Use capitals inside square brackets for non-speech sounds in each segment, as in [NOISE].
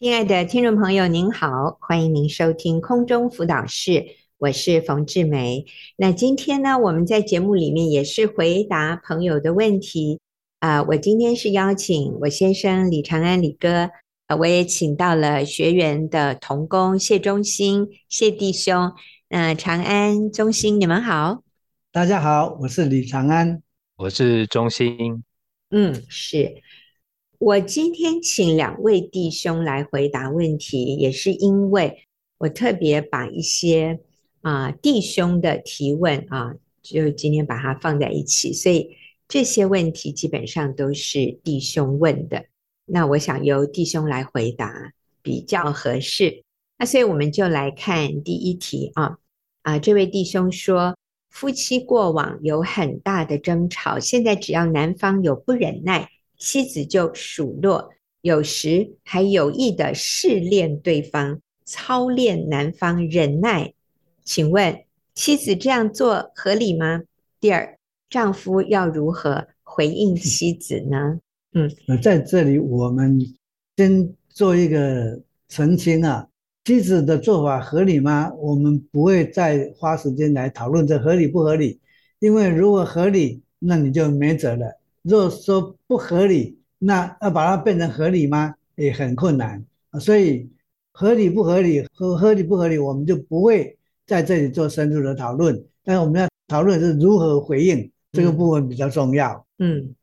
親愛的聽眾朋友，您好，歡迎您收聽空中輔導室，我是馮志梅。那今天呢，我們在節目裡面也是回答朋友的問題啊、呃。我今天是邀請我先生李長安李哥，呃，我也請到了學員的同工謝中興、謝弟兄。那、呃、長安、中興，你們好。大家好，我是李長安，我是中興。嗯，是。我今天請兩位弟兄來回答問題，也是因為，我特別把一些啊、呃、弟兄的提問啊，就今天把它放在一起，所以這些問題基本上都是弟兄問的。那我想由弟兄來回答比較合適。那所以我們就來看第一題啊啊、呃，這位弟兄說，夫妻過往有很大的爭吵，現在只要男方有不忍耐，妻子就數落，有時還有意的試煉對方，操練男方忍耐。請問妻子這樣做合理嗎？第二，丈夫要如何回應妻子呢？嗯，在這裡我們先做一個澄清啊，妻子的做法合理嗎？我們不會再花時間來討論這合理不合理，因為如果合理，那你就沒轍了。若說不合理，那要把它變成合理嗎？也很困難。所以合理不合理、合合理不合理，我們就不會在這裡做深入的討論。但是我們要討論是如何回應這個部分比較重要嗯。嗯，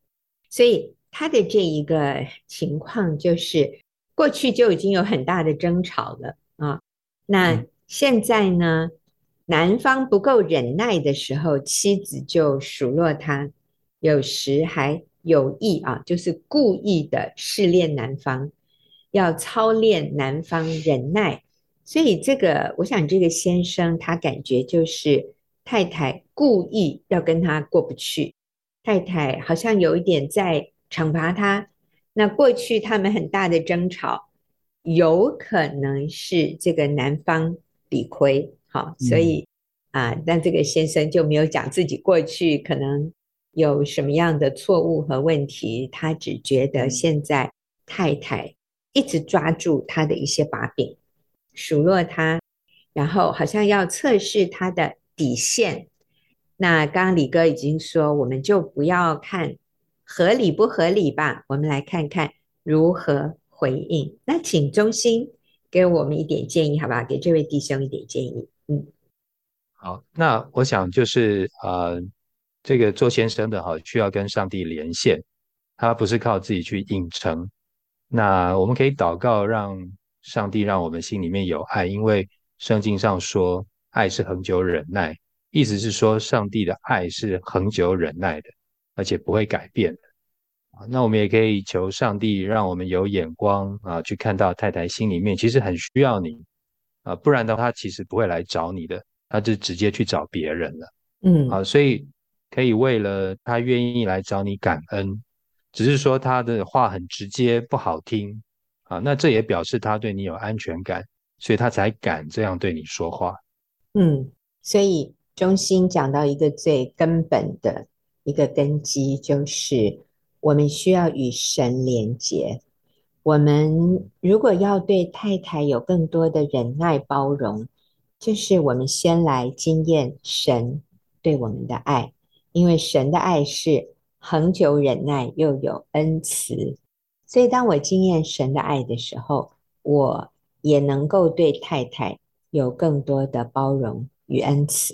所以他的這一個情況就是，過去就已經有很大的爭吵了啊。那現在呢，男、嗯、方不夠忍耐的時候，妻子就數落他。有時還有意啊，就是故意的試煉男方，要操練男方忍耐。所以這個，我想這個先生他感覺就是太太故意要跟他過不去，太太好像有一點在懲罰他。那過去他們很大的爭吵，有可能是這個男方理虧。好，所以、嗯、啊，但這個先生就沒有講自己過去可能。有什麼樣的錯誤和問題，他只覺得現在太太一直抓住他的一些把柄，數落他，然後好像要測試他的底線。那剛剛李哥已經說，我們就不要看合理不合理吧，我們來看看如何回應。那請中興給我們一點建議，好吧？給這位弟兄一點建議。嗯，好，那我想就是呃。這個做先生的哈，需要跟上帝連線，他不是靠自己去硬撐。那我們可以禱告，讓上帝讓我們心裡面有愛，因為聖經上說愛是恆久忍耐，意思是說上帝的愛是恆久忍耐的，而且不會改變的。那我們也可以求上帝讓我們有眼光啊，去看到太太心裡面其實很需要你啊，不然的話，他其實不會來找你的，他就直接去找別人了。嗯，啊，所以。可以為了他願意來找你感恩，只是說他的話很直接不好聽啊。那這也表示他對你有安全感，所以他才敢這樣對你說話。嗯，所以中興講到一個最根本的一個根基，就是我們需要與神連結。我們如果要對太太有更多的忍耐包容，就是我們先來經驗神對我們的愛。因為神的愛是恆久忍耐又有恩慈，所以當我經驗神的愛的時候，我也能夠對太太有更多的包容與恩慈。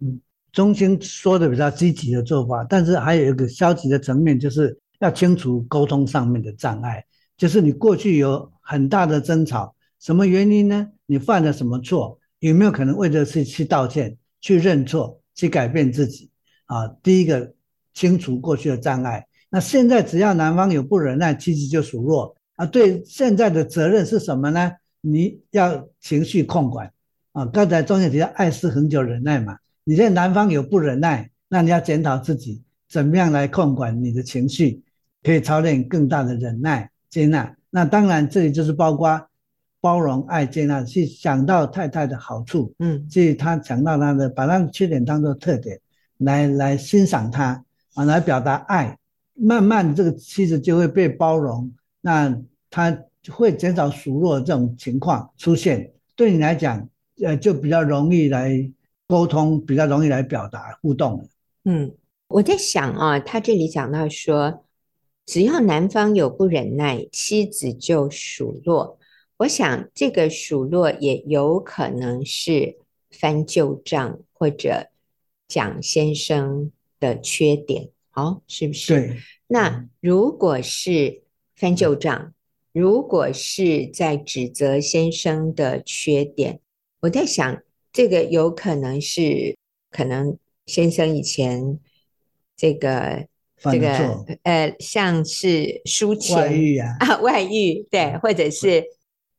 嗯，中興說的比較積極的做法，但是還有一個消極的層面，就是要清除溝通上面的障礙。就是你過去有很大的爭吵，什麼原因呢？你犯了什麼錯？有沒有可能為這事去道歉、去認錯、去改變自己？啊，第一個清除過去的障礙。那現在只要男方有不忍耐，妻子就數落啊。對現在的責任是什麼呢？你要情緒控管啊。剛才中興提到愛是恆久忍耐嘛。你現在男方有不忍耐，那你要檢討自己怎麼樣來控管你的情緒，可以操練更大的忍耐、接納。那當然這裡就是包括包容、愛、接納，去想到太太的好處。嗯，去他想到他的，把他的缺點當作特點。來來欣賞他啊，來表達愛，慢慢這個妻子就會被包容，那他會減少數落這種情況出現。對你來講，呃，就比較容易來溝通，比較容易來表達互動了。嗯，我在想啊、哦，他這裡講到說，只要男方有不忍耐，妻子就數落。我想這個數落也有可能是翻舊賬或者。講先生的缺點，好、哦，是不是？對。那如果是翻舊賬，對如果是在指責先生的缺點，我在想，這個有可能是可能先生以前這個這個呃，像是輸錢外遇啊，啊，外遇對，或者是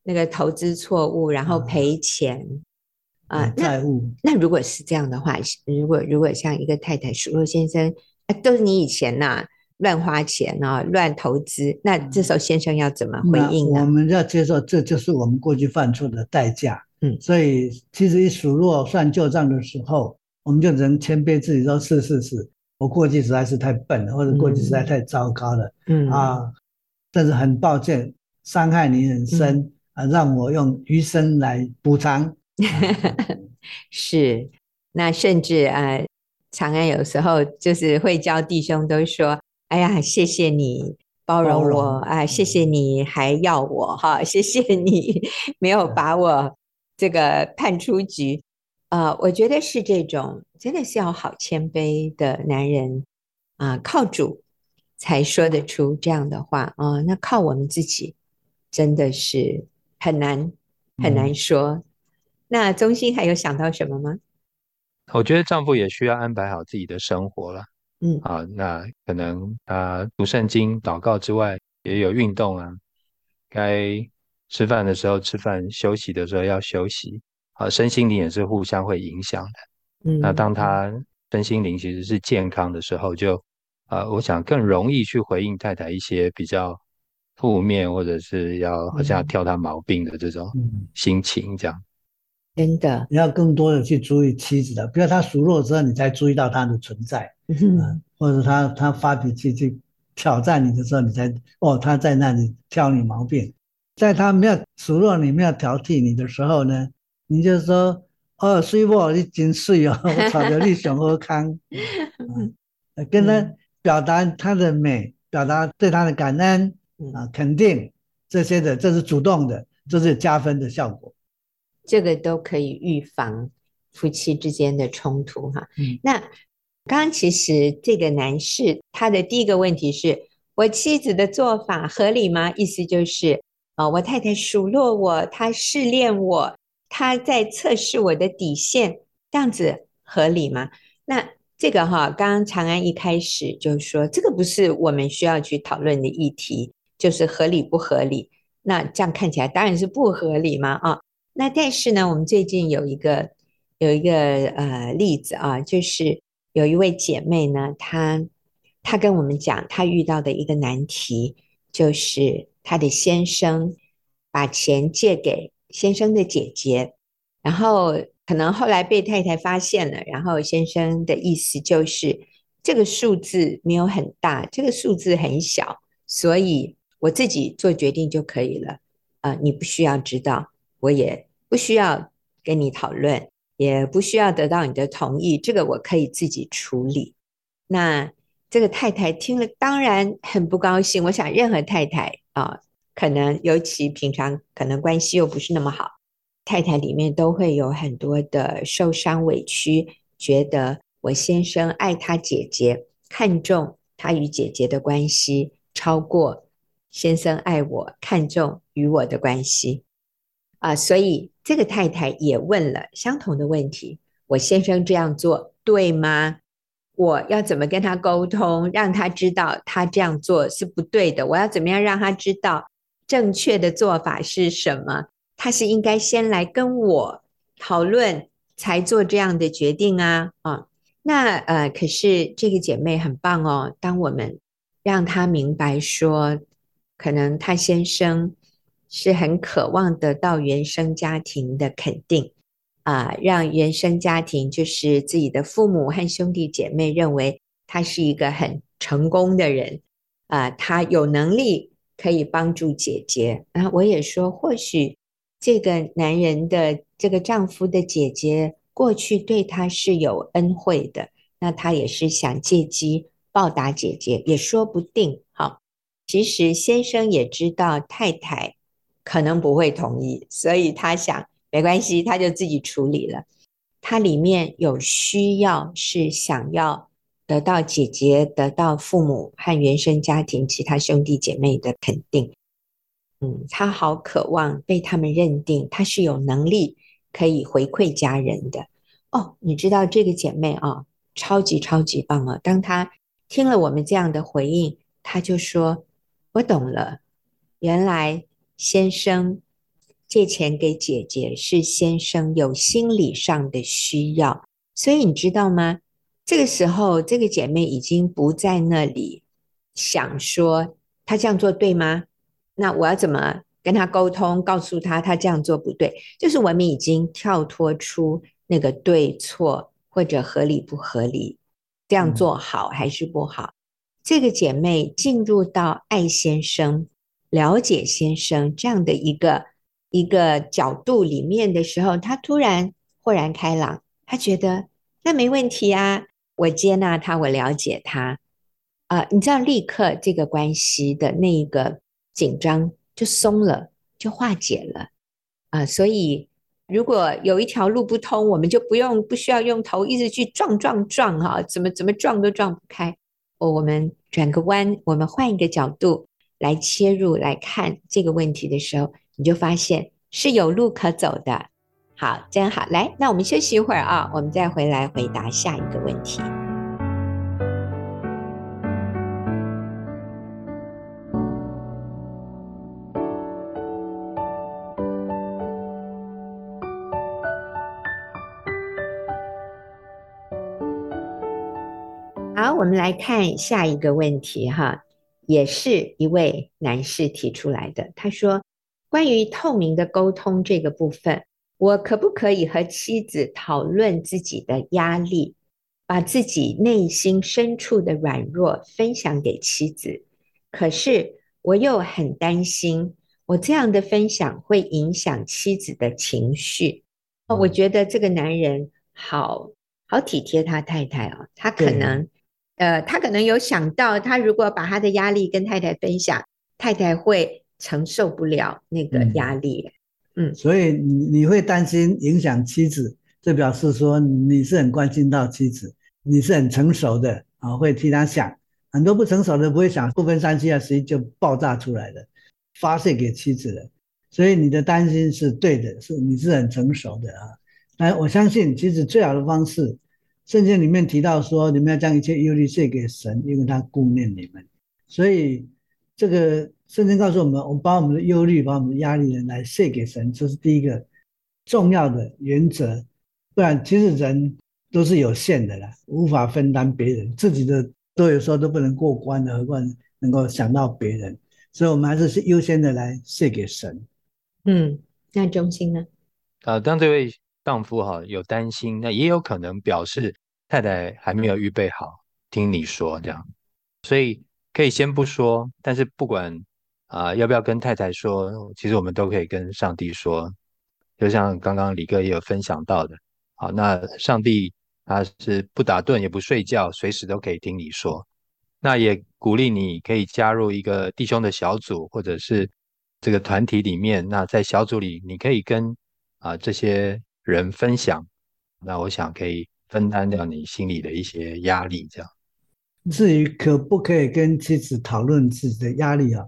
那個投資錯誤，嗯、然後賠錢。嗯啊，債務那，那如果是這樣的話，如果如果像一個太太數落先生，啊，都是你以前吶，啊、亂花錢啊，亂投資，那這時候先生要怎麼回應呢？我們要接受，這就是我們過去犯錯的代價。嗯，所以其實一數落算舊賬的時候，嗯，我們就只能謙卑自己說：是是是，我過去實在是太笨了，或者過去實在太糟糕了。嗯啊，但是很抱歉，傷害你很深，嗯，啊，讓我用餘生來補償。 [LAUGHS] 是，那甚至啊、呃，長安有時候就是會教弟兄都說：“哎呀，謝謝你包容我，啊容、呃，謝謝你還要我，哈，謝謝你沒有把我這個判出局。對”啊、呃，我覺得是這種真的是要好謙卑的男人啊、呃，靠主才說得出這樣的話啊、呃。那靠我們自己，真的是很難很難說。嗯那中興還有想到什麼嗎？我覺得丈夫也需要安排好自己的生活了。嗯，啊，那可能啊，讀、呃、聖經、禱告之外，也有運動啊。該吃飯的時候吃飯，休息的時候要休息。啊、呃，身心靈也是互相會影響的。嗯，那當他身心靈其實是健康的時候，就啊、呃，我想更容易去回應太太一些比較負面或者是要好像挑她毛病的這種心情這樣。嗯嗯真的，你要更多的去注意妻子的，不要他數落之後你才注意到他的存在，嗯哼呃、或者他她發脾氣去挑戰你的時候，你才哦他在那裡挑你毛病，在他沒有數落你沒有挑剔你的時候呢，你就說哦水某，你真水哦，我吵得你想康 [LAUGHS] 嗯。嗯，跟他表達他的美，表達對他的感恩啊肯定這些的，這是主動的，這是加分的效果。這個都可以預防夫妻之間的衝突哈。嗯、那剛剛其實這個男士他的第一個問題是：我妻子的做法合理嗎？意思就是，啊、哦，我太太數落我，她試煉我，她在測試我的底線，這樣子合理嗎？那這個哈，剛剛長安一開始就說，這個不是我們需要去討論的議題，就是合理不合理。那這樣看起來當然是不合理嘛啊。那但是呢，我們最近有一個有一個呃例子啊，就是有一位姐妹呢，她她跟我們講，她遇到的一個難題，就是她的先生把錢借給先生的姐姐，然後可能後來被太太發現了，然後先生的意思就是這個數字沒有很大，這個數字很小，所以我自己做決定就可以了啊，呃，你不需要知道，我也。不需要跟你討論，也不需要得到你的同意，這個我可以自己處理。那這個太太聽了當然很不高興。我想任何太太啊，可能尤其平常可能關係又不是那麼好，太太裡面都會有很多的受傷委屈，覺得我先生愛他姐姐，看重他與姐姐的關係超過先生愛我，看重與我的關係。啊、呃，所以這個太太也問了相同的問題：我先生這樣做對嗎？我要怎麼跟他溝通，讓他知道他這樣做是不對的？我要怎麼樣讓他知道正確的做法是什麼？他是應該先來跟我討論才做這樣的決定啊？啊、呃，那呃，可是這個姐妹很棒哦，當我們讓她明白說，可能她先生。是很渴望得到原生家庭的肯定啊，讓原生家庭就是自己的父母和兄弟姐妹認為他是一個很成功的人啊，他有能力可以幫助姐姐。啊，我也說，或許這個男人的這個丈夫的姐姐過去對他是有恩惠的，那他也是想借機報答姐姐，也說不定。好，其實先生也知道太太。可能不會同意，所以他想，沒關係，他就自己處理了。他裡面有需要，是想要得到姐姐、得到父母和原生家庭其他兄弟姐妹的肯定。嗯，他好渴望被他們認定，他是有能力可以回饋家人的。哦，你知道這個姐妹啊、哦，超級超級棒哦、啊。當她聽了我們這樣的回應，她就說：“我懂了，原來。”先生借錢給姐姐，是先生有心理上的需要，所以你知道嗎？這個時候，這個姐妹已經不在那裡，想說她這樣做對嗎？那我要怎麼跟她溝通，告訴她她這樣做不對？就是我們已經跳脫出那個對錯或者合理不合理，這樣做好還是不好？嗯、這個姐妹進入到愛先生。了解先生這樣的一個一個角度裡面的時候，他突然豁然開朗，他覺得那沒問題啊，我接納他，我了解他啊、呃，你知道，立刻這個關係的那一個緊張就鬆了，就化解了啊、呃。所以，如果有一條路不通，我們就不用不需要用頭一直去撞撞撞哈、啊，怎麼怎麼撞都撞不開，哦，我們轉個彎，我們換一個角度。來切入來看這個問題的時候，你就發現是有路可走的。好，這樣好，來，那我們休息一會兒啊，我們再回來回答下一個問題。好，我們來看下一個問題哈。也是一位男士提出來的。他說：“關於透明的溝通這個部分，我可不可以和妻子討論自己的壓力，把自己內心深處的軟弱分享給妻子？可是我又很擔心，我這樣的分享會影響妻子的情緒。”我覺得這個男人好好體貼他太太哦，他可能、嗯。呃，他可能有想到，他如果把他的壓力跟太太分享，太太會承受不了那個壓力。嗯，嗯、所以你你會擔心影響妻子，這表示說你是很關心到妻子，你是很成熟的啊，會替他想。很多不成熟的不會想，不分三七二十一就爆炸出來了，發洩給妻子了。所以你的擔心是對的，是你是很成熟的啊。那我相信，其實最好的方式，聖經裡面提到說，你們要將一切憂慮卸給神，因為他顧念你們。所以，這個聖經告訴我們，我們把我們的憂慮、把我們的壓力呢，來卸給神，這是第一個重要的原則。不然，其實人都是有限的啦，無法分擔別人自己的，都有時候都不能過關的，何況能夠想到別人？所以，我們還是優先的來卸給神。嗯，那中興呢？啊，張隊位。丈夫哈有擔心，那也有可能表示太太還沒有預備好聽你說這樣，所以可以先不說。但是不管啊、呃、要不要跟太太說，其實我們都可以跟上帝說，就像剛剛李哥也有分享到的。好，那上帝他是不打盹也不睡覺，隨時都可以聽你說。那也鼓勵你可以加入一個弟兄的小組或者是這個團體裡面。那在小組裡，你可以跟啊、呃、這些。人分享，那我想可以分擔掉你心裡的一些壓力。這樣，至於可不可以跟妻子討論自己的壓力啊？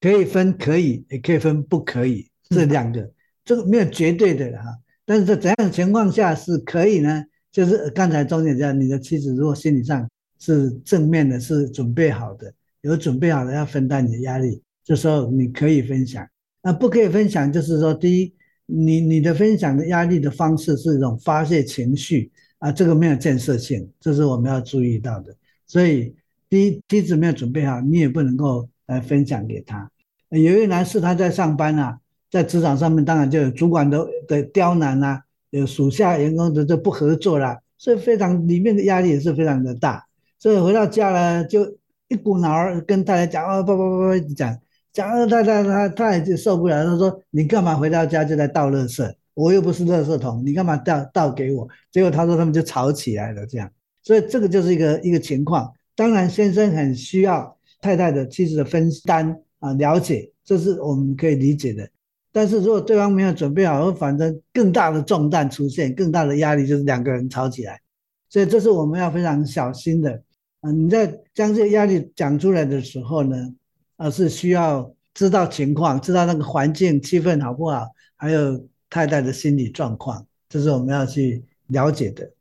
可以分可以，也可以分不可以，這兩個這個沒有絕對的哈。但是在怎樣的情況下是可以呢？就是剛才中興講，你的妻子如果心理上是正面的，是準備好的，有準備好的要分擔你的壓力，這時候你可以分享。那不可以分享，就是說第一。你你的分享的壓力的方式是一種發洩情緒啊，這個沒有建設性，這是我們要注意到的。所以，題題紙沒有準備好，你也不能夠來分享給他。有一位男士他在上班啊，在職場上面當然就有主管的的刁難吶、啊，有屬下員工的就不合作啦，所以非常裡面的壓力也是非常的大。所以回到家了，就一股腦兒跟大家講啊，叭叭叭叭講。哦假二太太，她她也就受不了。她說：“你幹嘛回到家就在倒垃圾？我又不是垃圾桶，你幹嘛倒倒給我？”結果她說他們就吵起來了。這樣，所以這個就是一個一個情況。當然，先生很需要太太的妻子的分擔啊、呃，了解，這是我們可以理解的。但是如果對方沒有準備好，反正更大的重擔出現，更大的壓力就是兩個人吵起來。所以，這是我們要非常小心的啊、呃！你在將這個壓力講出來的時候呢，而是需要知道情況，知道那個環境氣氛好不好，還有太太的心理狀況，這是我們要去了解的。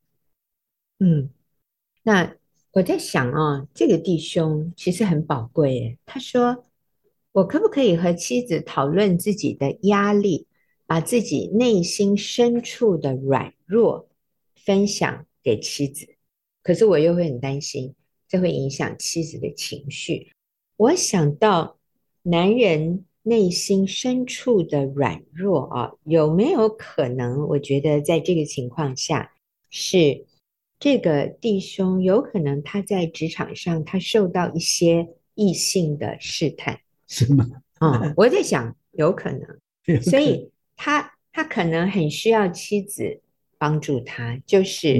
嗯，那我在想啊、哦，這個弟兄其實很寶貴。他說：“我可不可以和妻子討論自己的壓力，把自己內心深處的軟弱分享給妻子？可是我又會很擔心，這會影響妻子的情緒。”我想到男人內心深處的軟弱啊、哦，有沒有可能？我覺得在這個情況下，是這個弟兄有可能他在職場上他受到一些異性的試探，是嗎、哦？我在想有可能， [LAUGHS] 可能，所以他他可能很需要妻子幫助他，就是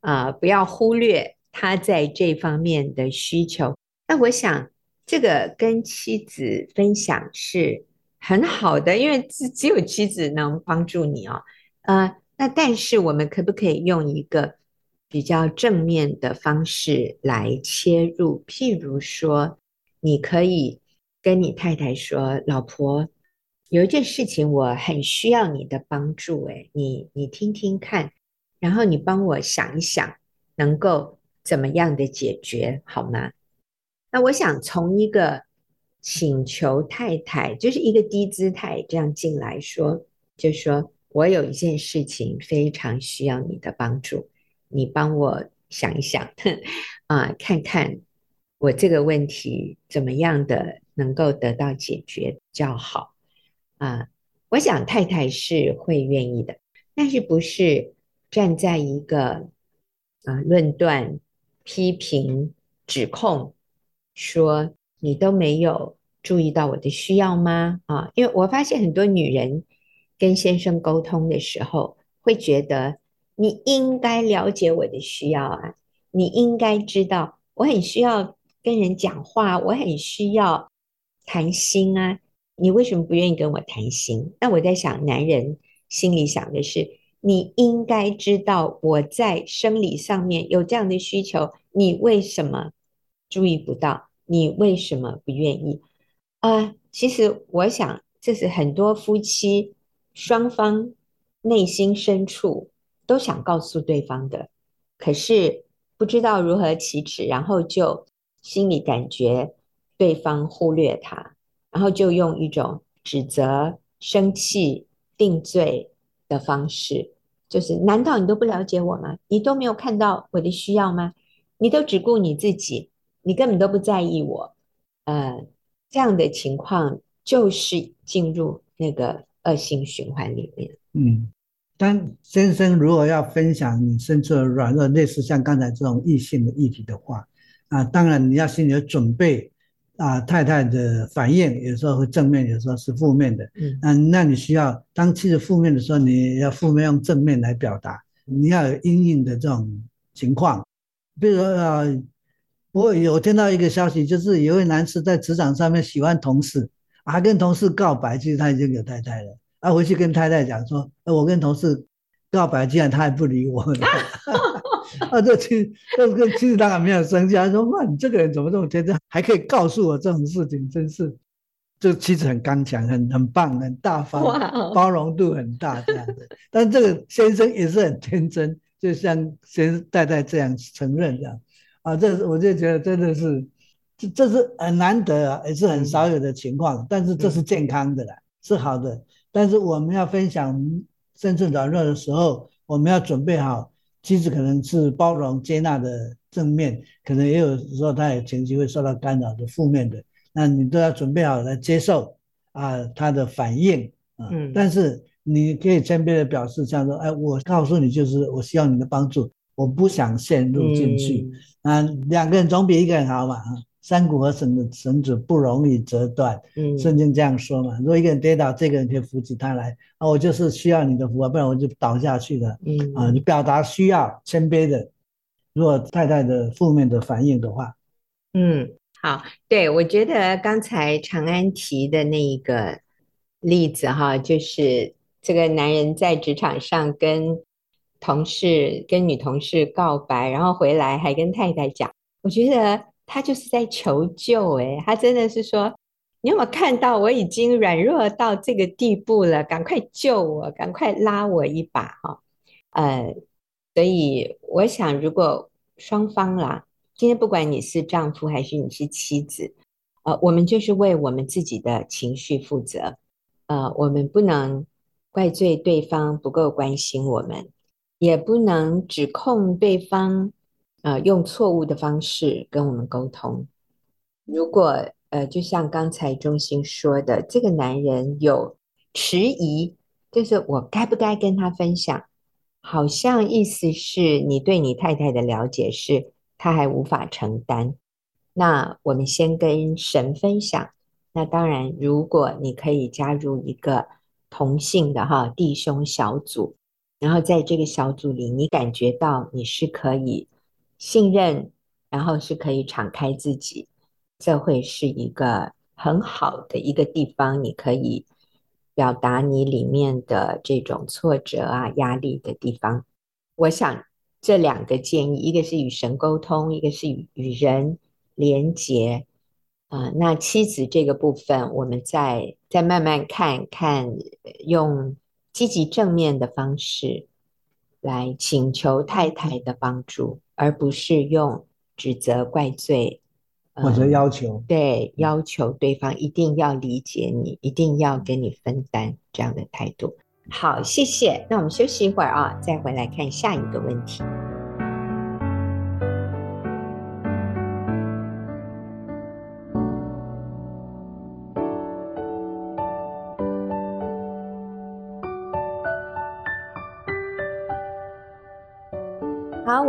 啊、嗯呃，不要忽略他在這方面的需求。那我想。這個跟妻子分享是很好的，因為只只有妻子能幫助你哦。呃，那但是我們可不可以用一個比較正面的方式來切入？譬如說，你可以跟你太太說：“老婆，有一件事情我很需要你的幫助，哎，你你聽聽看，然後你幫我想一想，能夠怎麼樣的解決，好嗎？”那我想從一個請求太太，就是一個低姿態這樣進來說，就說我有一件事情非常需要你的幫助，你幫我想一想，啊、呃，看看我這個問題怎麼樣的能夠得到解決較好啊、呃。我想太太是會願意的，但是不是站在一個啊、呃、論斷、批評、指控？說你都沒有注意到我的需要嗎？啊，因為我發現很多女人跟先生溝通的時候，會覺得你應該了解我的需要啊，你應該知道我很需要跟人講話，我很需要談心啊，你為什麼不願意跟我談心？那我在想，男人心裡想的是，你應該知道我在生理上面有這樣的需求，你為什麼？注意不到，你為什麼不願意？呃，其實我想，這是很多夫妻雙方內心深處都想告訴對方的，可是不知道如何啟齒，然後就心裡感覺對方忽略他，然後就用一種指責、生氣、定罪的方式，就是難道你都不了解我嗎？你都沒有看到我的需要嗎？你都只顧你自己。你根本都不在意我。呃，這樣的情況就是進入那個惡性循環裡面。嗯，當先生如果要分享你深處的軟弱，類似像剛才這種異性的議題的話，啊，當然你要心裡有準備。啊，太太的反應有時候會正面，有時候，有時候是負面的。嗯、啊，那你需要當妻子負面的時候，你要負面用正面來表達，你要有陰影的這種情況，比如說，呃我有聽到一個消息，就是有位男士在職場上面喜歡同事，還、啊、跟同事告白。其實他已經有太太了，他、啊、回去跟太太講說、呃：“我跟同事告白，竟然他還不理我。 [LAUGHS] ”啊，這妻，這個妻子當然沒有生氣，他說：“哇，你這個人怎麼這麼天真，還可以告訴我這種事情？真是，這妻子很剛強，很很棒，很大方，Wow. 包容度很大這樣子。但這個先生也是很天真，就像先太太這樣承認這樣。”啊，這是我就覺得真的是，這這是很難得啊，也是很少有的情況。嗯、但是這是健康的啦，嗯、是好的。但是我們要分享，甚至軟弱的時候，我們要準備好，其實可能是包容、接納的正面，可能也有時候他有情緒會受到干擾的負面的，那你都要準備好來接受啊、呃，他的反應啊。嗯、但是你可以謙卑的表示，像說，哎，我告訴你，就是我需要你的幫助，我不想陷入進去。嗯嗯，兩個人總比一個人好嘛！三股合繩的繩子不容易折斷，嗯，聖經這樣說嘛。如果一個人跌倒，這個人可以扶起他來。啊，我就是需要你的扶、啊，不然我就倒下去了。嗯，啊，你表達需要，謙卑的。如果太太的負面的反應的話，嗯，好，對，我覺得剛才長安提的那一個例子哈，就是這個男人在職場上跟。同事跟女同事告白，然後回來還跟太太講，我覺得他就是在求救誒、欸，他真的是說你有沒有看到我已經軟弱到這個地步了？趕快救我，趕快拉我一把哈、哦！呃，所以我想，如果雙方啦，今天不管你是丈夫還是你是妻子，呃，我們就是為我們自己的情緒負責，呃，我們不能怪罪對方不夠關心我們。也不能指控對方，呃，用錯誤的方式跟我們溝通。如果，呃，就像剛才中興說的，這個男人有遲疑，就是我該不該跟他分享？好像意思是，你對你太太的了解是，他還無法承擔。那我們先跟神分享。那當然，如果你可以加入一個同性的哈弟兄小組。然後在這個小組裡，你感覺到你是可以信任，然後是可以敞開自己，這會是一個很好的一個地方，你可以表達你裡面的這種挫折啊、壓力的地方。我想這兩個建議，一個是與神溝通，一個是與人連結啊。那妻子這個部分，我們再再慢慢看看，用。積極正面的方式來請求太太的幫助，而不是用指責、怪罪，或者要求，嗯。對，要求對方一定要理解你，一定要跟你分擔這樣的態度。好，謝謝。那我們休息一會兒啊，再回來看下一個問題。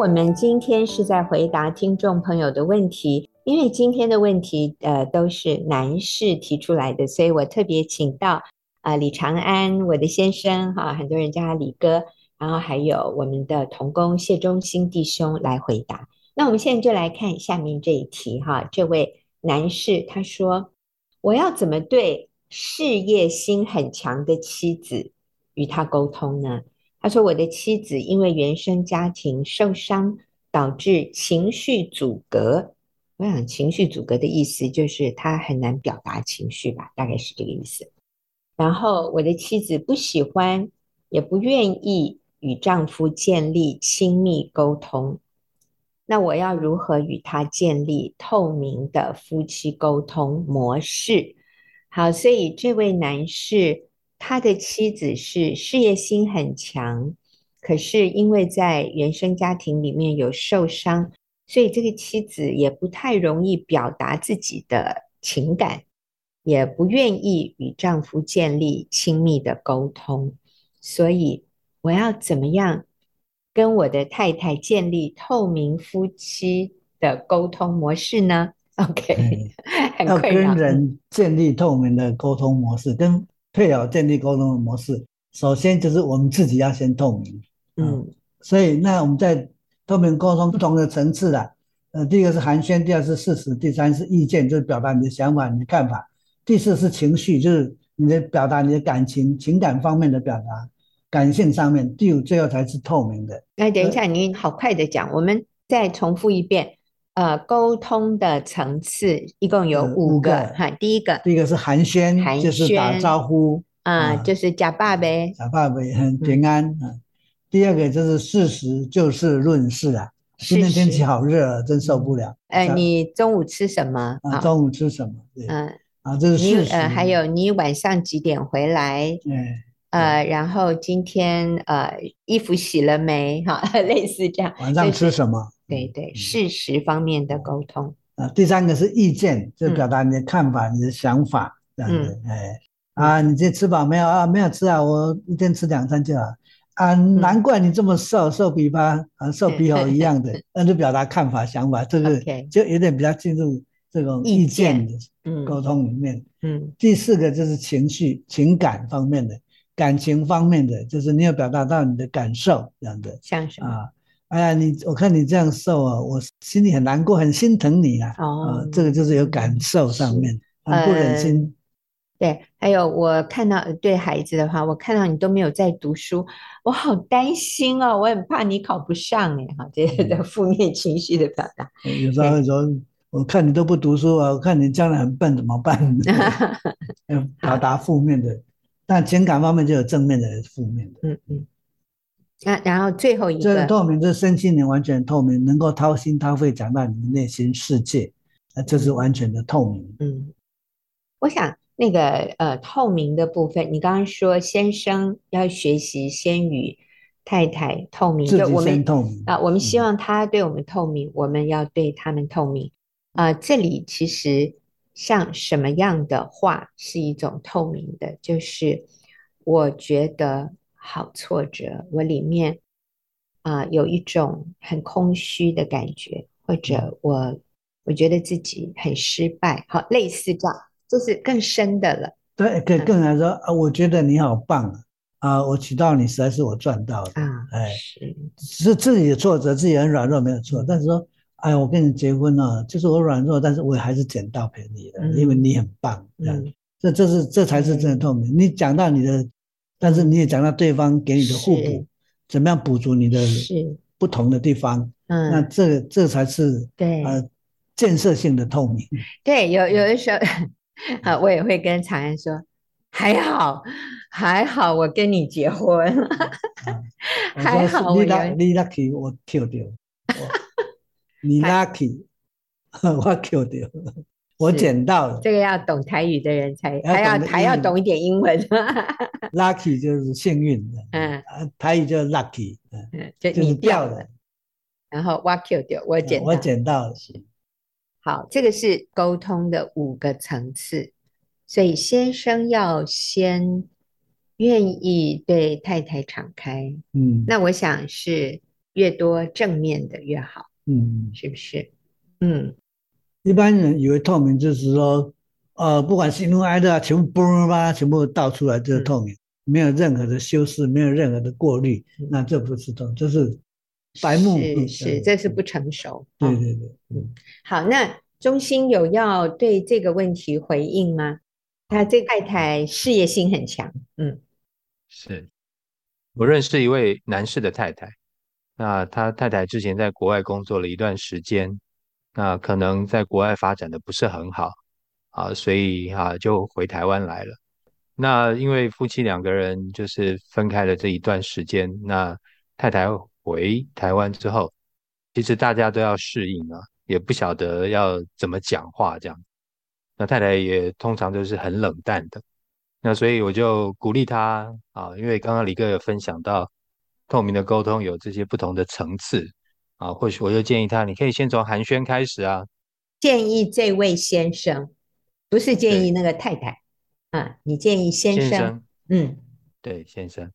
我們今天是在回答聽眾朋友的問題，因為今天的問題呃都是男士提出來的，所以我特別請到啊、呃、李長安，我的先生哈、啊，很多人叫他李哥，然後還有我們的同工謝中興弟兄來回答。那我們現在就來看下面這一題哈、啊，這位男士他說，我要怎麼對事業心很強的妻子與他溝通呢？他說：“我的妻子因為原生家庭受傷，導致情緒阻隔。我想，情緒阻隔的意思就是她很難表達情緒吧？大概是這個意思。然後，我的妻子不喜歡，也不願意與丈夫建立親密溝通。那我要如何與他建立透明的夫妻溝通模式？好，所以這位男士。”他的妻子是事業心很強，可是因為在原生家庭裡面有受傷，所以這個妻子也不太容易表達自己的情感，也不願意與丈夫建立親密的溝通。所以我要怎麼樣跟我的太太建立透明夫妻的溝通模式呢？OK，要跟人建立透明的溝通模式跟。配偶建立溝通的模式，首先就是我們自己要先透明，嗯，嗯、所以那我們在透明溝通不同的層次啦、啊，呃，第一個是寒暄，第二是事實，第三是意見，就是表達你的想法、你的看法，第四是情緒，就是你的表達你的感情、情感方面的表達，感性上面，第五最後才是透明的。來，等一下，以你好快的講，我們再重複一遍。呃，溝通的層次一共有五個哈。第一個，第一個是寒暄，就是打招呼啊，就是“呷飽未？呷飽未？很平安。”第二個就是事實，就事論事了。今天天氣好熱，真受不了。哎，你中午吃什麼？啊，中午吃什麼？嗯，啊，這是事實。還有，你晚上幾點回來？嗯。呃，然後今天呃，衣服洗了沒？哈，類似這樣。晚上吃什麼？對對，事實方面的溝通啊。第三個是意見，就表達你的看法、你的想法這樣子。哎，啊，你今天吃飽沒有啊？沒有吃啊，我一天吃兩餐就好。啊，難怪你這麼瘦，瘦皮吧啊，瘦皮猴一樣的。那就表達看法、想法，是不是？就有點比較進入這種意見的溝通裡面。嗯。第四個就是情緒、情感方面的。感情方面的，就是你要表達到你的感受這樣的，像什麼啊，哎呀，你我看你這樣瘦啊，我心裡很難過，很心疼你啊，哦、啊這個就是有感受上面，呃、很不忍心。對，還有我看到對孩子的話，我看到你都沒有在讀書，我好擔心哦，我很怕你考不上哎哈，這些的負面情緒的表達、嗯。有時候會說，有 [LAUGHS] 我看你都不讀書啊，我看你將來很笨怎麼辦？哈哈哈哈表達負面的。但情感方面就有正面的、負面的。嗯嗯。那、嗯啊、然後最後一個，這個透明，這身心靈完全透明，能夠掏心掏肺，講到你的內心世界。那、嗯、這是完全的透明。嗯，我想那個呃，透明的部分，你剛剛說先生要學習先與太太透明，對，我們啊，呃嗯、我們希望他對我們透明，我們要對他們透明。啊、呃，這裡其實。像什麼樣的話是一種透明的？就是我覺得好挫折，我裡面啊、呃、有一種很空虛的感覺，或者我我覺得自己很失敗，好類似這樣，就是更深的了。對，可以更更人來說、嗯、啊，我覺得你好棒啊，啊我娶到你實在是我賺到了啊，哎、是，是自己的挫折，自己很軟弱沒有錯，但是說。哎，我跟你結婚了、啊，就是我軟弱，但是我還是撿到便宜的，嗯、因為你很棒。這樣嗯，這這、就是這才是真的透明。你講到你的，但是你也講到對方給你的互補，是怎麼樣補足你的不同的地方？嗯，那這這才是對呃，建設性的透明。對，有有的時候，呃、嗯啊，我也會跟長安說，還好，還好，我跟你結婚了， [LAUGHS] 啊、我還好一點。你 lucky 我跳掉。你 lucky 挖 Q 掉太， [LAUGHS] 我撿到了。這個要懂台語的人才，還要，要還要懂一點英文。 [LAUGHS] lucky 就是幸運的，嗯、啊，台語叫 lucky，嗯，就，你掉了就是掉的。然後挖 Q 掉，我撿、嗯，我撿到了。好，這個是溝通的五個層次，所以先生要先願意對太太敞開，嗯，那我想是越多正面的越好。嗯，是不是？嗯，一般人以為透明就是說，呃，不管喜怒哀樂、啊、全部嘣吧、啊，全部倒出來就是透明，嗯、沒有任何的修飾，沒有任何的過濾，嗯、那這不是透明，這、就是白目的。是是，這是不成熟。嗯哦、對對對，嗯、好，那中興有要對這個問題回應嗎？他這太太事業心很強，嗯，是我認識一位男士的太太。那他太太之前在國外工作了一段時間，那可能在國外發展的不是很好啊，所以啊就回台灣來了。那因為夫妻兩個人就是分開了這一段時間，那太太回台灣之後，其實大家都要適應啊，也不曉得要怎麼講話這樣。那太太也通常就是很冷淡的，那所以我就鼓勵他啊，因為剛剛李哥有分享到。透明的溝通有這些不同的層次啊，或許我就建議他，你可以先從寒暄開始啊。建議這位先生，不是建議那個太太對啊，你建議先生，先生嗯，對先生，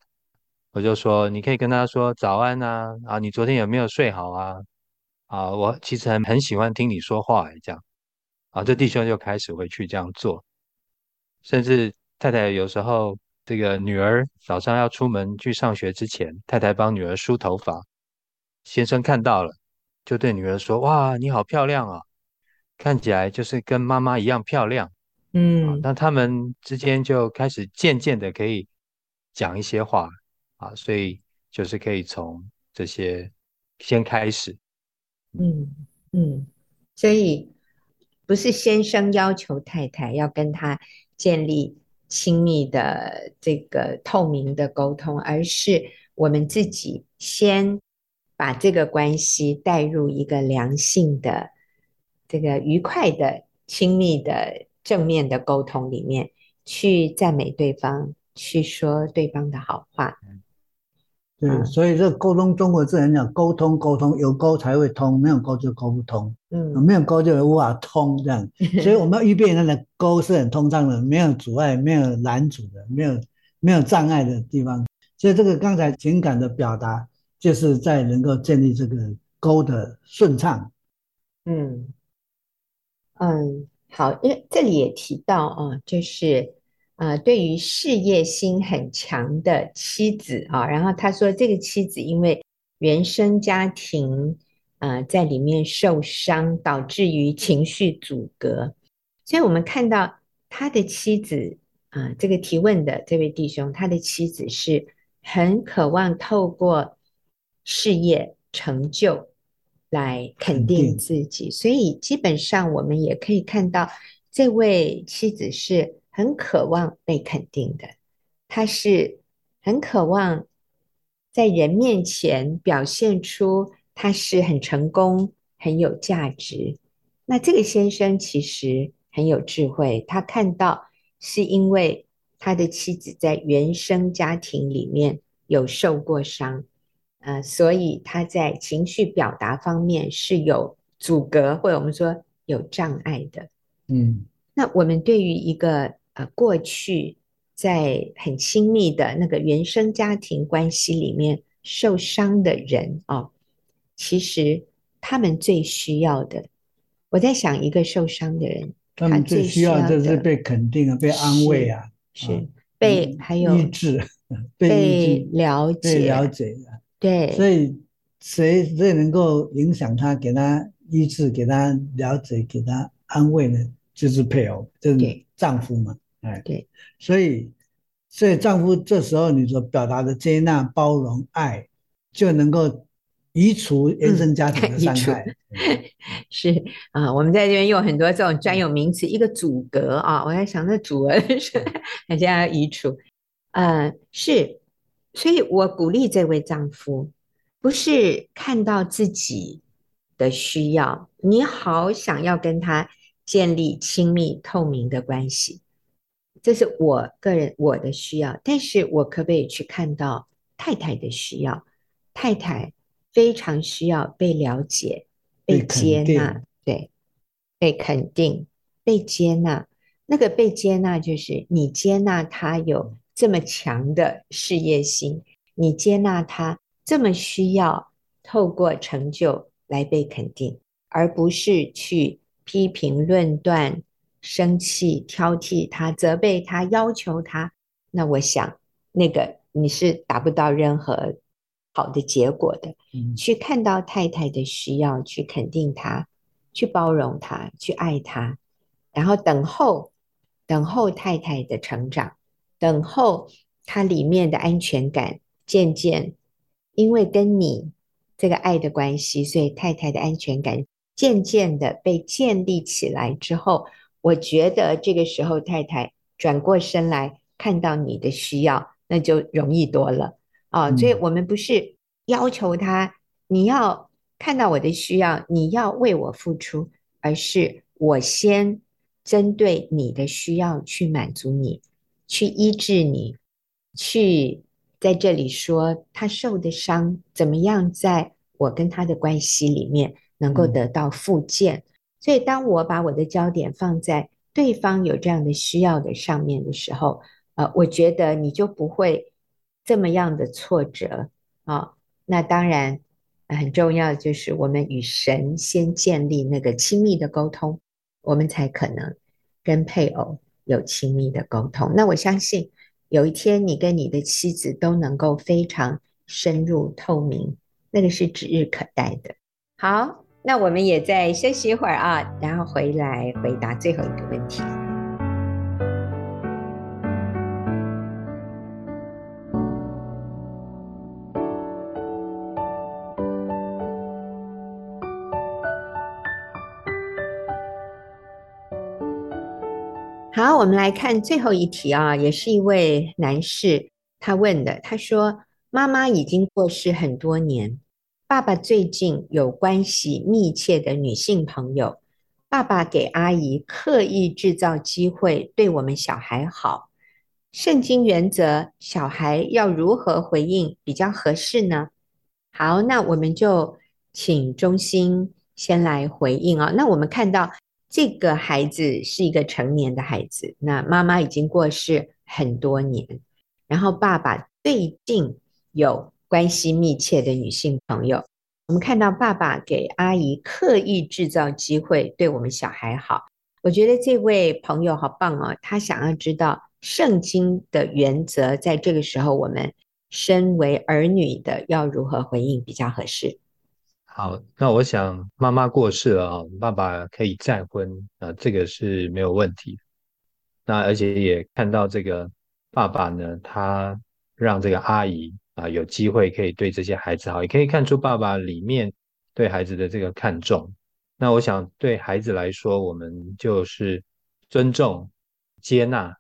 我就說你可以跟他說早安啊，啊，你昨天有沒有睡好啊？啊，我其實很很喜歡聽你說話啊，這樣，啊，這弟兄就開始會去這樣做，甚至太太有時候。這個女兒早上要出門去上學之前，太太幫女兒梳頭髮，先生看到了，就對女兒說：“哇，你好漂亮啊，看起來就是跟媽媽一樣漂亮。”嗯，嗯，啊，那他們之間就開始漸漸的可以講一些話啊，所以就是可以從這些先開始。嗯嗯，所以不是先生要求太太要跟他建立。親密的這個透明的溝通，而是我們自己先把這個關係帶入一個良性的、這個愉快的、親密的正面的溝通裡面，去讚美對方，去說對方的好話。對，所以這個溝通，中國自然講溝通，溝通，溝通有溝才會通，沒有溝就溝不通，嗯，沒有溝就無法通這樣。嗯、所以我們要預備，的溝是很通暢的， [LAUGHS] 沒有阻礙，沒有攔阻的，沒有沒有障礙的地方。所以這個剛才情感的表達，就是在能夠建立這個溝的順暢。嗯嗯，好，因為這裡也提到啊、哦，就是。啊、呃，對於事業心很強的妻子啊、哦，然後他說這個妻子因為原生家庭啊、呃、在裡面受傷，導致於情緒阻隔，所以我們看到他的妻子啊、呃，這個提問的這位弟兄，他的妻子是很渴望透過事業成就來肯定自己，肯定，所以基本上我們也可以看到這位妻子是。很渴望被肯定的，他是很渴望在人面前表現出他是很成功、很有價值。那這個先生其實很有智慧，他看到是因為他的妻子在原生家庭裡面有受過傷，呃，所以他在情緒表達方面是有阻隔，或者我們說有障礙的。嗯，那我們對於一個。呃，過去在很親密的那個原生家庭關係裡面受傷的人哦，其實他們最需要的，我在想一個受傷的人，他們最需要就是被肯定啊，被安慰啊，是，被，還有醫治，被了解，被了解啊，對，所以誰最能夠影響他，給他醫治，給他了解，給他安慰呢？就是配偶，就是丈夫嘛。對哎，對，所以，所以丈夫這時候你所表達的接納、包容、愛，就能夠移除原生家庭的傷害。嗯、 [LAUGHS] 是啊、呃，我們在這邊用很多這種專有名詞，嗯、一個阻隔啊，我在想這阻隔是大家移除。呃，是，所以我鼓勵這位丈夫，不是看到自己的需要，你好想要跟他建立親密、透明的關係。這是我個人我的需要，但是我可不可以去看到太太的需要？太太非常需要被了解、被接納。對，被肯定、被接納。那個被接納，就是你接納他有這麼強的事業心，你接納他這麼需要透過成就來被肯定，而不是去批評論斷。生氣、挑剔他、責備他、要求他，那我想，那個你是達不到任何好的結果的。嗯。去看到太太的需要，去肯定他，去包容他，去愛他，然後等候，等候太太的成長，等候他裡面的安全感漸漸，因為跟你這個愛的關係，所以太太的安全感漸漸地被建立起來之後。我覺得這個時候太太轉過身來，看到你的需要，那就容易多了啊、哦。嗯，所以，我們不是要求他，你要看到我的需要，你要為我付出，而是我先針對你的需要去滿足你，去醫治你，去在這裡說他受的傷怎麼樣，在我跟他的關係裡面能夠得到復健。嗯嗯所以，當我把我的焦點放在對方有這樣的需要的上面的時候，呃，我覺得你就不會這麼樣的挫折啊、哦。那當然很重要，就是我們與神先建立那個親密的溝通，我們才可能跟配偶有親密的溝通。那我相信有一天你跟你的妻子都能夠非常深入透明，那個是指日可待的。好。那我們也再休息一會兒啊，然後回來回答最後一個問題。好，我們來看最後一題啊，也是一位男士，他問的，他說：“媽媽已經過世很多年。”爸爸最近有關係密切的女性朋友，爸爸給阿姨刻意製造機會對我們小孩好。聖經原則，小孩要如何回應比較合適呢？好，那我們就請中興先來回應啊、哦。那我們看到這個孩子是一個成年的孩子，那媽媽已經過世很多年，然後爸爸最近有關係密切的女性朋友，我們看到爸爸給阿姨刻意制造機會對我們小孩好，我覺得這位朋友好棒哦。他想要知道聖經的原則，在這個時候我們身為兒女的要如何回應比較合適？好，那我想媽媽過世了，哦，爸爸可以再婚啊，呃，這個是沒有問題。那而且也看到這個爸爸呢，他讓這個阿姨。啊，有機會可以對這些孩子好，也可以看出爸爸裡面對孩子的這個看重。那我想對孩子來說，我們就是尊重、接納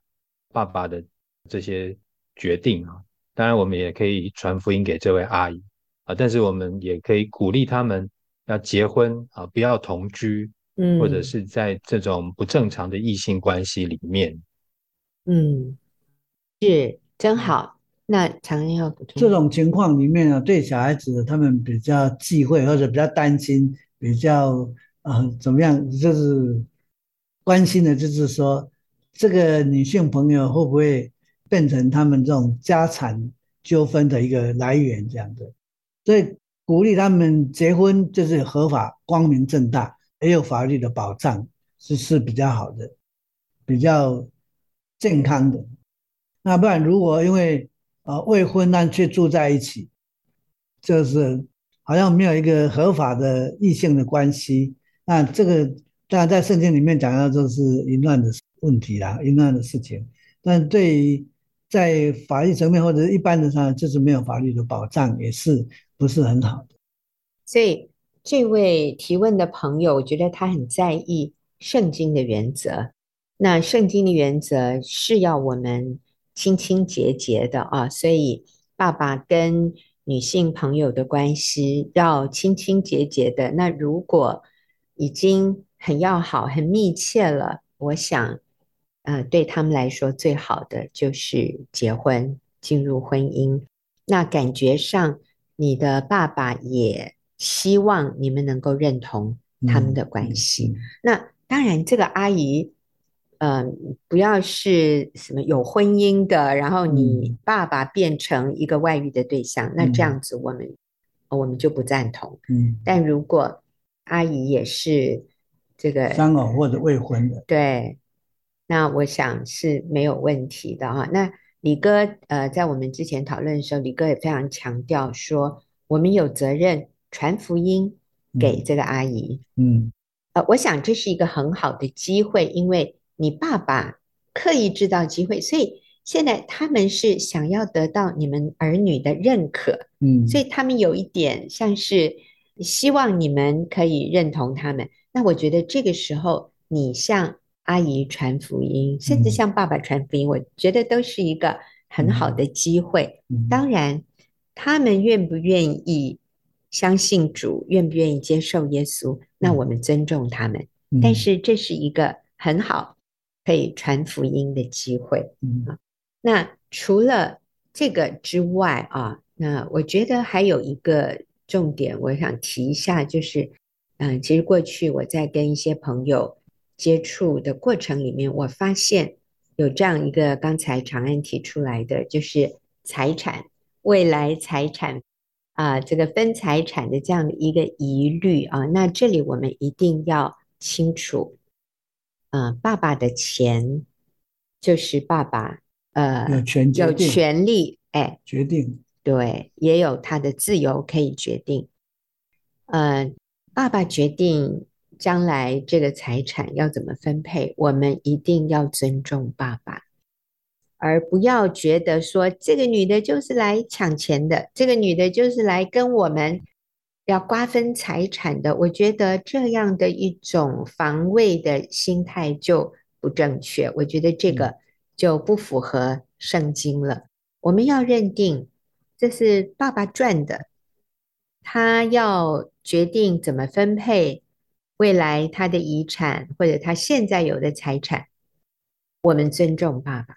爸爸的這些決定啊。當然，我們也可以傳福音給這位阿姨啊，但是我們也可以鼓勵他們要結婚啊，不要同居，嗯，或者是在這種不正常的異性關係裡面。嗯，是，真好。嗯那長安哦，這種情況裡面呢、啊，對小孩子他們比較忌諱，或者比較擔心，比較啊、呃、怎麼樣，就是關心的就是說，這個女性朋友會不會變成他們這種家產糾紛的一個來源這樣子。所以鼓勵他們結婚就是合法、光明正大，也有法律的保障，是、就是比較好的，比較健康的。那不然如果因為啊，未婚但卻住在一起，就是好像沒有一個合法的異性的關係。那這個當然在聖經裡面講到，就是淫亂的問題啦、啊，淫亂的事情。但對於在法律層面或者一般的上，就是沒有法律的保障，也是不是很好的。所以這位提問的朋友，我覺得他很在意聖經的原則。那聖經的原則是要我們。清清潔潔的啊、哦，所以爸爸跟女性朋友的關係要清清潔潔的。那如果已經很要好、很密切了，我想，呃，對他們來說最好的就是結婚，進入婚姻。那感覺上，你的爸爸也希望你們能夠認同他們的關係。嗯嗯嗯、那當然，這個阿姨。嗯、呃，不要是什麼有婚姻的，然後你爸爸變成一個外遇的對象，嗯、那這樣子我們、嗯哦、我們就不贊同。嗯，但如果阿姨也是這個喪偶或者未婚的、嗯，對，那我想是沒有問題的哈。那李哥，呃，在我們之前討論的時候，李哥也非常強調說，我們有責任傳福音給這個阿姨。嗯，嗯呃，我想這是一個很好的機會，因為。你爸爸刻意制造機會，所以現在他們是想要得到你們兒女的認可，嗯，所以他們有一點像是希望你們可以認同他們。那我覺得這個時候你向阿姨傳福音，嗯、甚至向爸爸傳福音，我覺得都是一個很好的機會。嗯嗯、當然，他們願不願意相信主，願不願意接受耶穌，那我們尊重他們。嗯、但是這是一個很好。可以傳福音的機會啊！嗯、那除了這個之外啊，那我覺得還有一個重點，我想提一下，就是嗯、呃，其實過去我在跟一些朋友接觸的過程裡面，我發現有這樣一個剛才長安提出來的，就是財產未來財產啊、呃，這個分財產的這樣的一個疑慮啊，那這裡我們一定要清楚。呃、嗯，爸爸的錢就是爸爸，呃，有，有權利哎，欸、決定，對，也有他的自由可以決定。呃，爸爸決定將來這個財產要怎麼分配，我們一定要尊重爸爸，而不要覺得說這個女的就是來搶錢的，這個女的就是來跟我們要瓜分財產的，我覺得這樣的一種防衛的心態就不正確。我覺得這個就不符合聖經了。我們要認定這是爸爸賺的，他要決定怎麼分配未來他的遺產或者他現在有的財產。我們尊重爸爸，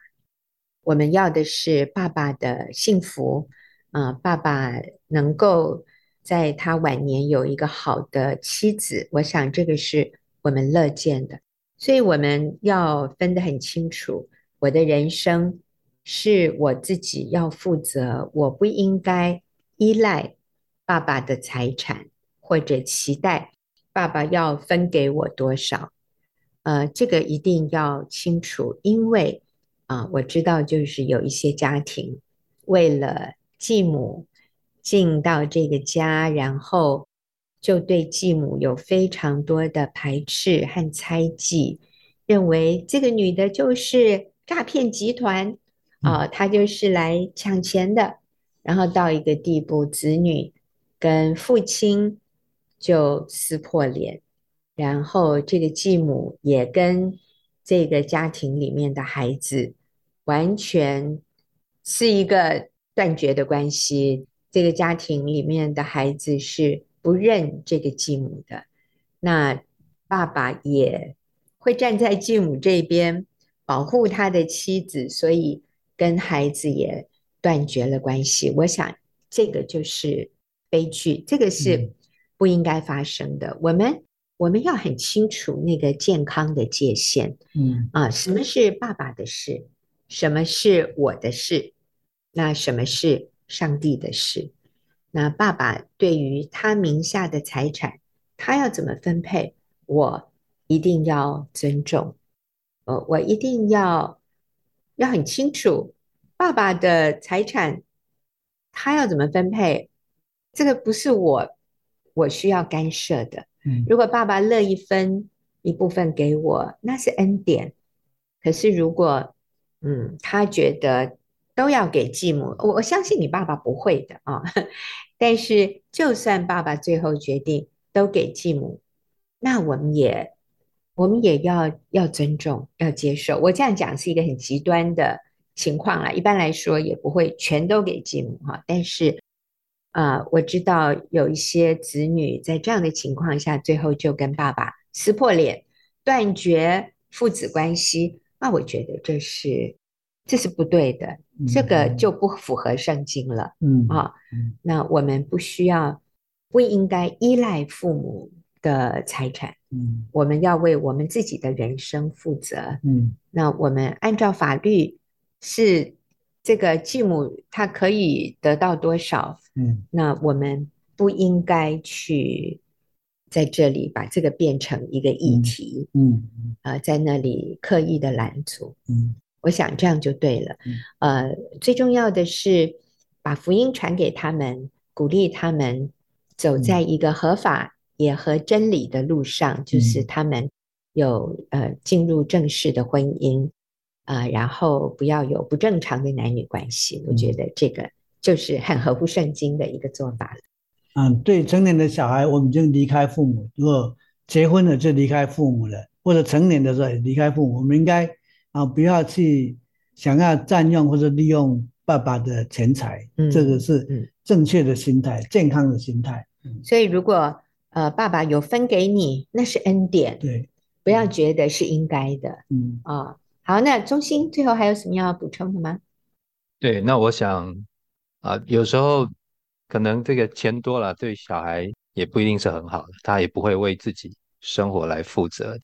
我們要的是爸爸的幸福。啊、呃，爸爸能夠。在他晚年有一個好的妻子，我想這個是我們樂見的。所以我們要分得很清楚，我的人生是我自己要負責，我不應該依賴爸爸的財產或者期待爸爸要分給我多少。呃，這個一定要清楚，因為啊、呃，我知道就是有一些家庭為了繼母。進到這個家，然後就對繼母有非常多的排斥和猜忌，認為這個女的就是詐騙集團啊，呃嗯、她就是來搶錢的。然後到一個地步，子女跟父親就撕破臉，然後這個繼母也跟這個家庭裡面的孩子完全是一個斷絕的關係。這個家庭裡面的孩子是不認這個繼母的，那爸爸也會站在繼母這邊保護他的妻子，所以跟孩子也斷絕了關係。我想這個就是悲劇，這個是不應該發生的。嗯、我們我們要很清楚那個健康的界限，嗯啊，什麼是爸爸的事，什麼是我的事，那什麼是上帝的事，那爸爸對於他名下的財產，他要怎麼分配，我一定要尊重。呃，我一定要要很清楚，爸爸的財產他要怎麼分配，這個不是我我需要干涉的。嗯、如果爸爸樂意分一部分給我，那是恩典。可是如果嗯，他覺得。都要給繼母，我相信你爸爸不會的啊。但是，就算爸爸最後決定都給繼母，那我們也我們也要要尊重，要接受。我這樣講是一個很極端的情況啦，一般來說也不會全都給繼母哈。但是，啊，我知道有一些子女在這樣的情況下，最後就跟爸爸撕破臉，斷絕父子關係。那我覺得這是。這是不對的，這個就不符合聖經了。嗯，嗯啊，那我們不需要，不應該依賴父母的財產。嗯，我們要為我們自己的人生負責。嗯，那我們按照法律是這個繼母，她可以得到多少？嗯，那我們不應該去在這裡把這個變成一個議題。嗯啊、嗯嗯呃，在那裡刻意的攔阻。嗯。嗯我想這樣就對了，呃，最重要的是把福音傳給他們，鼓勵他們走在一個合法也和真理的路上，嗯、就是他們有呃進入正式的婚姻啊、呃，然後不要有不正常的男女關係。我覺得這個就是很合乎聖經的一個做法。嗯，對，成年的小孩，我們就離開父母，如果結婚了就離開父母了，或者成年的時候離開父母，我們應該。啊、哦，不要去想要佔用或者利用爸爸的錢財，嗯、這個是正確的心態、嗯、健康的心態。所以，如果呃爸爸有分給你，那是恩典，對，不要覺得是應該的。嗯啊、哦，好，那中興最後還有什麼要補充的嗎？對，那我想啊、呃，有時候可能這個錢多了，對小孩也不一定是很好的，他也不會為自己生活來負責。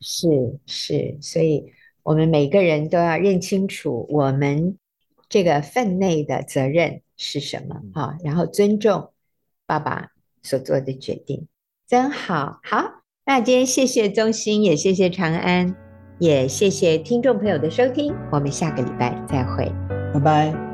是是，所以。我們每個人都要認清楚我們這個分內的責任是什麼，哈，然後尊重爸爸所做的決定，真好，好。那今天謝謝中興，也謝謝長安，也謝謝聽眾朋友的收聽，我們下個禮拜再會，拜拜。